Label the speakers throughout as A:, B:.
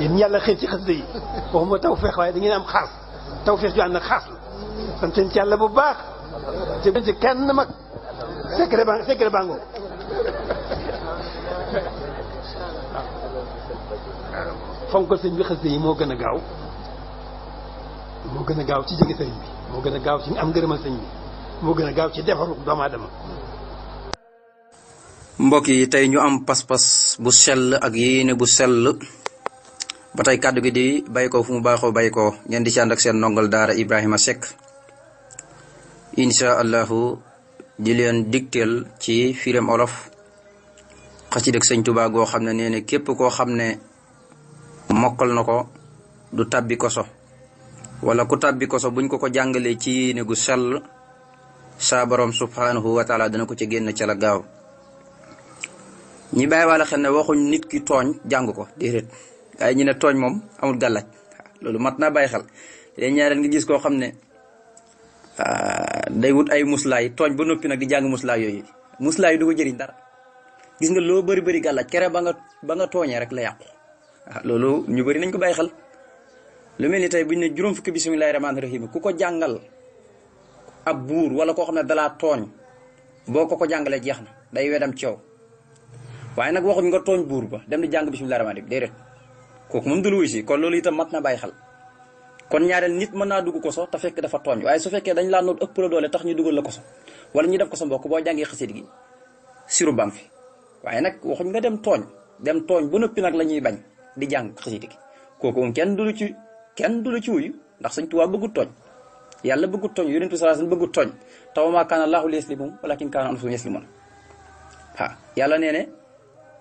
A: yéen yàlla xëy ci xasida yi waxuma tawféex waaye da ngeen am xaas tawféex ju ànd ak xaas la sant ci yàlla bu baax. jërëjëf ci kenn mag sëñ bi xasida yi moo gën a gaaw moo gën a gaaw ci jege sëñ bi moo gën a gaaw ci am ngërëmal sëñ bi moo gën a gaaw ci defaru doomu mbokk yi tey ñu am pas-pas bu sell ak yéene bu sell ba tey kàddu gi di bay ko fu mu baaxoo bay ko ngeen di ci ànd ak seen ndongal daara Ibrahima Seck insha allahu di leen digteel ci firam olof xasidak sëñ Tuubaa goo xam ne nee ne képp koo xam ne mokkal na ko du tàbbi koso wala ku tàbbi koso buñ ko ko jàngalee ci yéene gu sell saa borom subhanahu wa taala dana ko ci génn ca gaaw ñi bàyyi wala xel ne waxuñ nit ki tooñ jàng ko déedéet waaye ñu ne tooñ moom amul gàllaaj loolu mat naa bàyyi xel léegi ñaareel nga gis koo xam ne ah, day wut ay muslaay tooñ ba noppi nag di jàng muslaay yooyu muslaay du ko jëriñ dara gis nga loo bëri bëri gàllaaj kere ba nga ba tooñee rek la yàqu ah, loolu ñu bari nañ ko bàyyi xel lu mel ni tey bu ñu ne juróom fukki bisimilahi rahmaani rahim ku ko jàngal ab buur wala koo xam ne dalaa tooñ boo ko ko jàngalee jeex na day wedam ceew waaye nag waxuñ nga tooñ buur ba dem di jàng bisimilahi rahmaani rahim déedéet kooku moom du lu wuy si kon loolu itam mat na bàyyi xel kon ñaareel nit mën naa dugg ko so te fekk dafa tooñ waaye su fekkee dañ laa noot ëpp la doole tax ñu dugal la koso wala ñu def ko sa mbokk boo jàngee xasit gi siru bam fi waaye nag waxuñ nga dem tooñ dem tooñ ba noppi nag la ñuy bañ di jàng xasit kooku moom kenn du lu ci kenn du lu ci wuyu ndax Sëñ Tuubaa bëggu tooñ yàlla bëggut tooñ yonent bi sallallahu alayhi wasallam bëggu tooñ taw maa kaana Allaahu liyazlimahum walaakin kaana anfusahum yazlimuun yàlla nee ne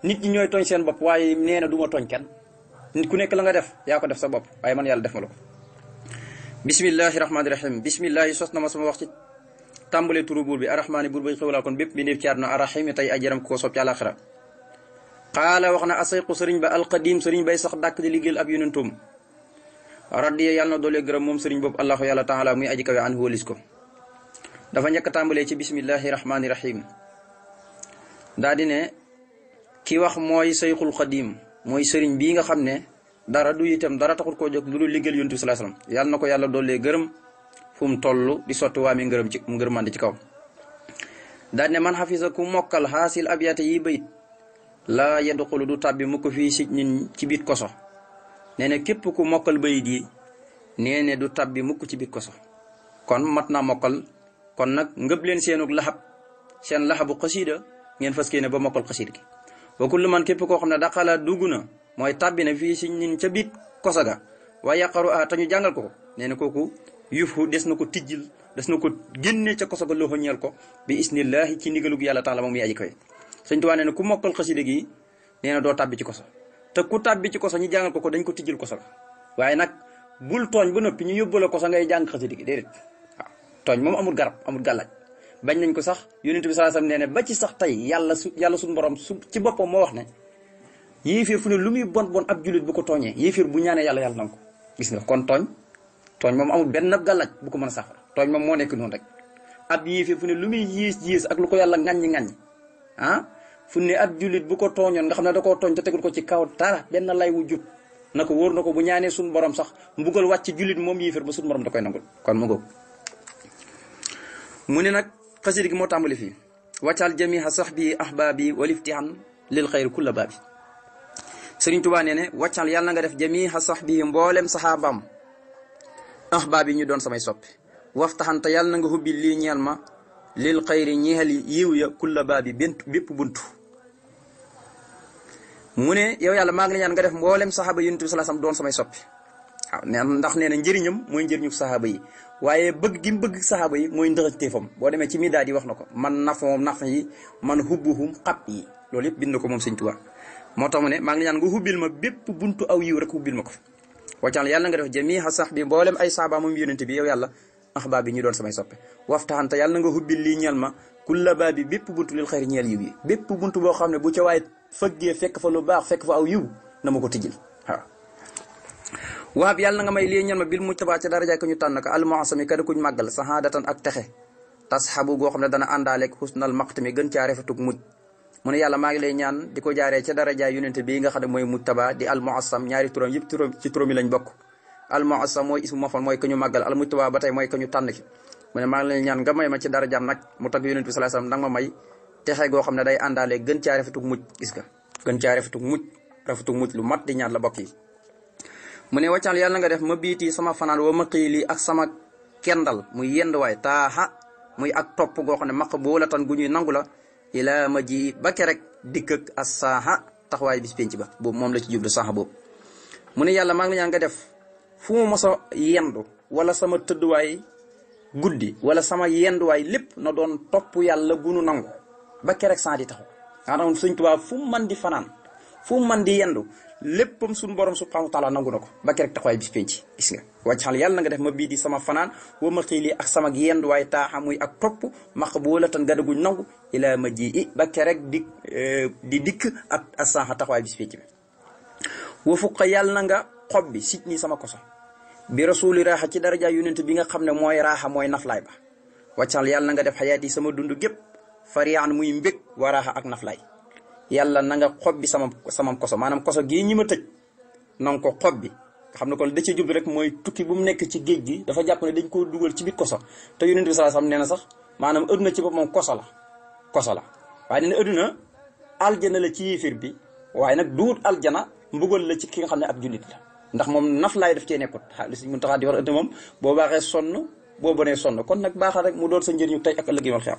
A: nit ñi ñooy tooñ seen bopp waaye nee na du ma tooñ kenn ku nekk la nga def yaa ko def sa bopp waaye man yàlla def ma la ko bismillahi rahmaani rahim bismillahi sos na ma sama wax ci tàmbale turu buur bi arrahmaani buur bay xewlaa kon bépp mbindeef ci àdduna arrahim tey ajaram koo soob ci àlaxira xaala wax na asayqu sëriñ ba alqadim sëriñ bay sax dàkk di liggéeyal ab yonentum radiya yàlla na doole gërëm moom sëriñ boobu allahu yàlla taala muy aji kawe an wóolis ko dafa njëkk tàmbalee ci bismillahi rahmaani rahim daa di ne ki wax mooy sayxul mooy sëriñ bii nga xam ne dara du itam dara taxul koo jóg lu dul liggéey yonent bi sallallahu alayhi yàlla na ko yàlla dollee gërëm fu mu toll di sotti waa mi ngërëm ci ngërëmandi ci kaw daal man xafisa ku mokkal xaasil abiyata yi bayit la laa yadxulu du tàbbi mu ko fii si ñun ci biit koso nee na képp ku mokkal bayit yi nee du tàbbi mukk ci biit koso kon mat naa mokkal kon nag ngëb leen seenu laxab seen laxabu xasiida ngeen fas yéene ba mokkal xasiid gi wa kullu man képp koo xam ne daqala dugg na mooy tàbbi na fii si ñun ca biit kosaga waaye yàqaru a ta ñu jàngal ko nee na kooku yufu des na ko tijjil des na ko génne ca kosa loxo ñeel ko bi isnillahi ci ndigalug yàlla taala moom yi aji koy sëñ Tuubaa nee na ku mokkal xasida gi nee na doo tàbbi ci kosa te ku tàbbi ci kosa ñu jàngal ko ko dañ ko tijjil kosaga waaye nag bul tooñ ba noppi ñu yóbbu la kosa ngay jàng xasida gi déedéet waaw tooñ moom amul garab amul gàllaaj bañ nañ ko sax yonent bi sallallahu alayhi wasallam nee sax tey yàlla su yàlla suñu borom su ci boppam moo wax ne yéeféer fu ne lu muy bon bon ab jullit bu ko tooñee yéeféer bu ñaanee yàlla yàlla nangu ko gis nga kon tooñ tooñ moom amul benn gàllaaj bu ko mën a saafara tooñ moom moo nekk noonu rek ab yéeféer fu ne lu muy yées yées ak lu ko yàlla ŋàññi ŋàññi ah fu ne ab jullit bu ko tooñoon nga xam ne da koo tooñ te tegul ko ci kaw dara benn lay wu jub na ko wóor na ko bu ñaanee suñu borom sax mbugal wàcc jullit moom yéeféer ba suñu borom da koy nangul kon mu ngoog mu ne nag xasida gi moo tàmbali fii wàccaal jamiha sahbi ahbaabi waliftihan lil xayri kulla baabi sëriñ tubaa nee ne wàccaal yàlla na nga def jamiha sahbi mboolem saxaabaam ahbaab yi ñu doon samay soppi waftaxante yàlla na nga hubbi lii ñeel ma lil xayri ñeel yiw ya kulla baabi bent bépp bunt mu ne yaw yàlla maa ngi la ñaan nga def mboolem saxaaba yonent bi sallallahu doon samay soppi waaw neen ndax nee na njëriñam mooy njëriñu saxaaba yi waaye bëgg gi mu bëgg saxaaba yi mooy ndëxañteefam boo demee ci midaad yi wax na ko man nafoom naf yi man hubbuhum xab yi loolu yëpp bind na ko moom sëñ Tuubaa moo tax mu ne maa ngi ñaan nga hubbil ma bépp buntu aw yiw rek hubbil ma ko waccal yàlla nga def jamiha sax bi mboolem ay saaba moom yonente bi yow yàlla bi ñu doon samay soppe waftaxante yàlla na nga hubbil lii ñeel ma kulla baa bi bépp bunt lil xayri ñeel yiw yi bépp bunt boo xam ne bu ca waaye fëggee fekk fa lu baax fekk fa aw yiw na ma ko tijjil waab yàlla na nga may lii ñan ma bil mujtabaa ca daraja ko ñu tànn ko almuasami kada kuñ màggal sahaadatan ak texe tasxabu goo xam ne dana àndaaleeg xusnal gën mu ne yàlla maa ngi lay ñaan di ko jaaree ca darajaay yonente bii nga xam ne mooy mujtaba di almuasam ñaari turam yëpp turam ci bokk almuasam mooy ismu mafal mooy ka ñu ba tey mooy ka ñu tànn ki mu ne maa ngi nga may ma ci darajaam nag mu tagg yonente bi sallallahu alayhi wasallam nag ma may texe gën caa rafetug mujj gis nga gën caa rafetug mujj rafetug lu mat di ñaan la bokk yi mu ne waccal yàlla nga def ma biiti sama fanaan wa ma xiili ak sama kendal muy yenduwaay taaxa muy ak topp goo xam ne maq boola tan gu ñuy nangu la ilaa ma ji ba ke rek dikk ak as saaxa taxawaay bis penc ba boobu moom la ci jublu saaxa boobu mu ne yàlla maa ngi ñaan nga def fu mu mos yendu wala sama tëdduwaay guddi wala sama yenduwaay lépp na doon topp yàlla gu nu nangu ba ke rek di taxaw maanaam sëñ Tuubaa fu mu fanaan fu mu di yendu léppam suñu borom subhanahu wa taala nangu na ko ba kerek taxawaay bis penc gis nga wàccaxal yàlla na nga def ma bii di sama fanaan wa ma xiili ak sama yendu waaye taaxa muy ak topp maq boolatan gadaguñ nangu ilaa ma ji i ba kerek eh, di dikk ak ak saaxa taxawaay bis penc bi wa fuqa yàlla na nga xob bi sit nii sama koso bi rasuli raaxa ci daraja yonent bi nga xam ne mooy raaxa mooy naflaay ba wàccaxal yàlla na nga def xayaat yi sama dund gépp fariaan muy mbég wa raaxa ak naflaay yàlla na nga xob bi sama sama koso maanaam koso gii ma tëj na nga bi xam ne kon da cee jublu rek mooy tukki bu mu nekk ci géej gi dafa jàpp ne dañ koo dugal ci biir koso te yonent bi sallallahu alayhi na sax maanaam adduna ci moom koso la koso la waaye nee na adduna aljana la ci yéefir bi waaye nag duut aljana mbugal la ci ki nga xam ne ak jullit la ndax moom naf laay def cee nekkut ah li suñ taxaa di war ëtt moom boo baaxee sonn boo bonee sonn kon nag baaxal rek mu doon sa njëriñu tey ak ëllëg yoon xew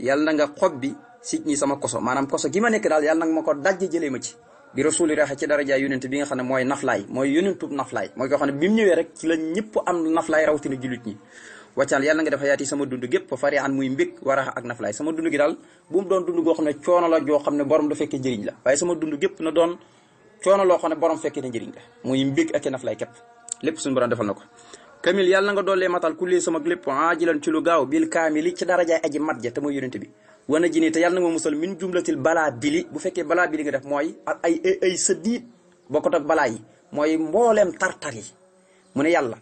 A: yal na nga xob bi si ñi sama koso maanaam koso gi ma nekk daal yal na nga ma ko dajj jëlee ma ci bi rasuli raxe ci daraja yonent bi nga xam ne mooy naflaay mooy yonentub naflaay mooy koo xam ne bi mu ñëwee la nga def yaati sama dund gépp fa fari an muy mbég warax ak naflaay sama dund gi daal bu mu doon dund goo xam ne coono la joo xam ne borom da fekkee njëriñ la waaye sama dund gépp na doon coono loo xam ne borom fekkee ne njëriñ la muy mbég ak naflaay képp lépp suñu borom defal na ko kamil yàlla na nga dollee matal kulli sama lépp aajilan ci lu gaaw bil kaamili ci darajaay aji mat ja te mooy yonente bi wana ji te yàlla na musal min jumlatil balaa bili bu fekkee balaa bili nga def mooy ak ay ay sëddiit bokkut ak balaa yi mooy mbooleem tartar yi mu ne yàlla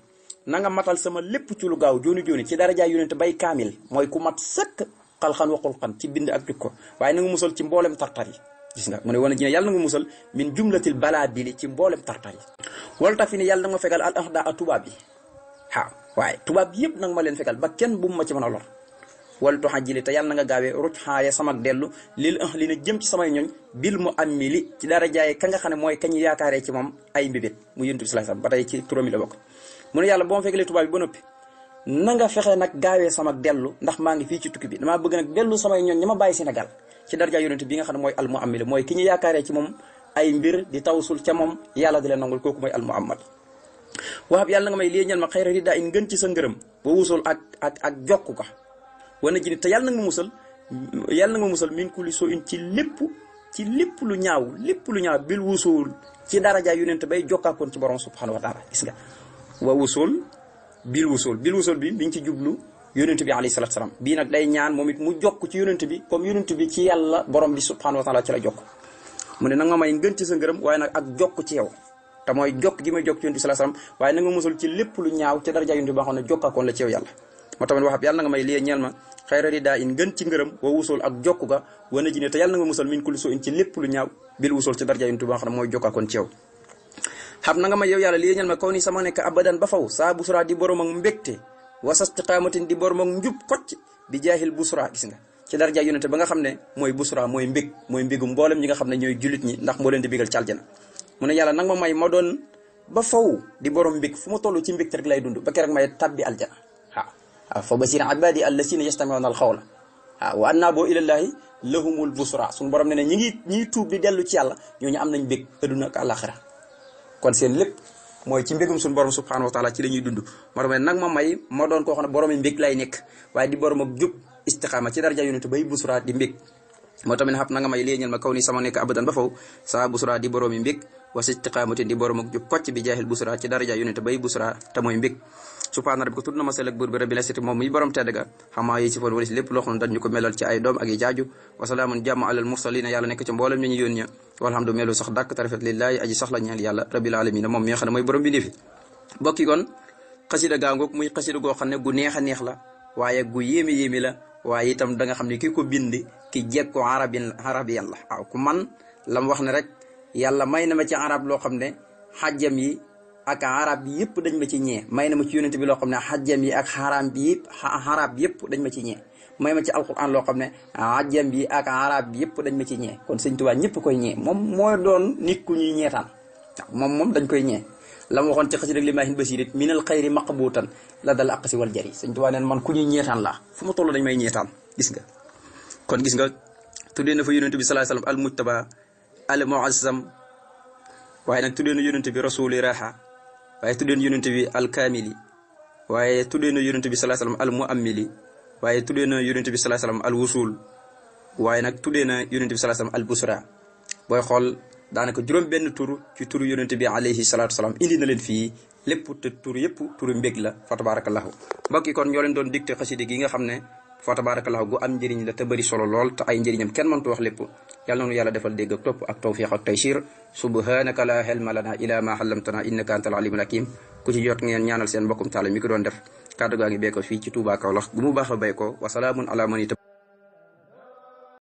A: na nga matal sama lépp ci lu gaaw jooni jooni ci darajaay yonente bay kaamil mooy ku mat sëkk xalxan waxul xan ci bind ak jukko waaye na nga musal ci mbooleem tartar yi gis nga mu ne wana ji ne yàlla na nga musal min jumlatil balaa bili ci mbooleem tartar yi wala fi ne yàlla na nga fegal al a tubaab yi waaw waaye tubaab yëpp nag ma leen fekkal ba kenn bu ma ci mën a lor wal tuxa jili te yàlla na nga gaawee ruj xaaya samak dellu lil ah li na jëm ci samay ñooñ bil mu am mi li ci dara ka nga xam ne mooy ka yaakaaree ci moom ay mbibét mu yëntu yàlla boo ma fekkalee tubaab yi ba na nga fexe nag gaawee samak dellu ndax maa ngi fii ci tukki bi damaa bëgg nag dellu samay ñooñ ña ma bàyyi Sénégal ne mooy al mu mi li mooy ki ñu yaakaaree ci moom ay mbir di tawsul ca moom yàlla di leen nangul kooku mooy al mu amad waxab yàlla nga may lii ñal ma xayra ridaa in gën ci sa ngërëm ba wusul ak ak ak ka wana ji ni te yàlla na nga ma musal yàlla na nga musal min ci lépp ci lépp lu ñaaw lépp lu ñaaw bil wusul ci daraja yonent bay jokkaakoon ci borom subhanahu wa taala gis nga wa wusul bil wusul bil bi mi ci jublu yonent bi alayhi salatu salaam bii nag day ñaan moom it mu jokk ci yonent bi comme yonent bi ci yàlla borom bi subhanahu wa taala ci la jokk mu ne nag ma may ngën ci sa ngërëm waaye nag ak jokk ci yow mooy jokk gi may jokk ci yonent bi sallallahu alayhi wasallam waaye na nga musul ci lépp lu ñaaw ci daraja yonent bi ba xam la ci yow yàlla ci lépp lu ñaaw bil wusul ci daraja yonent bi mooy jokkaakoon ci yow xam na nga may yow yàlla ma kaw ni sama nekk abadan ba faw saa busra di borom ak mbégte wasa istiqaamatin di borom ak njub kocc bi jaahil busra gis nga ci nga xam ne mooy busra mooy mbég mooy mbégum mboolem ñi nga xam ne ñooy jullit ñi ndax moo leen di bégal ci aljana mu ne yàlla nag ma may ma doon ba faw di borom mbég fu ma toll ci mbégte rek lay dund ba keroog may tabbi aljana waaw fa basir ibadi allasina yastamiuna alxawla waaw wa annabu ilallahi lahumul busra suñu borom ne ne ñi ngi ñiy tuub di dellu ci yàlla ñooñu am nañ mbég adduna ak àlaxira kon seen lépp mooy ci mbégum suñu borom subhanahu wa taala ci la ñuy dund ma doon nag ma may ma doon koo xam ne borom mbég lay nekk waaye di borom ak jub istiqaama ci daraja yonente bay busra di mbég moo tamit xab na nga may lii ma kaw ni sama nekk abadan ba faw saa busra di boroomi mbég wasi istiqaamatin di boroom ak ju kocc ci daraja yu doom ak jaaju wa salaamun jàmm alal mursalina yàlla nekk ci mboolem ñu ñu yóon walhamdu melu sax dàkk te rafet lillaahi aji sax la ñeel yàlla rabbil moom mi nga xam ne mooy borom bi ndifi bokki kon xasida muy xasida goo xam gu neex neex la waaye gu yéeme yéeme la waaye itam danga xam ne kii ko bind ki jekk ko arabin arabiyan la waaw ku man lam wax ne rek yàlla may na ma ci arab loo xam ne xajjam yi ak arab bi yëpp dañ ma ci ñee may na ma ci yonent bi loo xam ne xajjam yi ak xaraam bi yëpp yëpp dañ ma ci ñee may ma ci alquran loo xam ne a xajjam bi ak arab bi yëpp dañ ma ci ñee kon sëñ Tuubaa ñëpp koy ñee moom moo doon nit ku ñuy ñeetaan moom moom dañ koy ñee la mu waxoon ci xasi rek li maahin basiir it minal xayri maqbuutan la dal aqsi wal jari sëñ Tuubaa neen man ku ñuy ñeetaan laa fu ma toll dañ may ñeetaan gis nga kon gis nga tuddee na fa yonent bi al alayhi wasallam al mujtaba al muazzam waaye nag tuddee na yonent bi rasuli raha waaye tuddee na bi al kaamili waaye tuddee na yonent bi sallallahu alayhi wasallam al muammili waaye tuddee na yonent bi sallallahu alayhi wasallam al wusul waaye nag tuddee na yonent bi sallallahu alayhi al busra daanaka juróom-benn tur ci turu yonente bi alayhi salaatu salaam indi na leen fii lépp te tur yëpp turu mbég la fa tabarakallahu mbokk yi kon ñoo doon digte xasida gi nga xam ne fa tabarakallahu gu am njëriñ la te bëri solo lool te ay njëriñam kenn mëntu wax lépp yàlla noonu yàlla defal dégg ak topp ak tawfiq ak taysir subhanaka la helma lana ila ma xalamtana innaka antal alimul hakim ku ci jot ngeen ñaanal seen mbokkum taala mi doon def kàddu gaa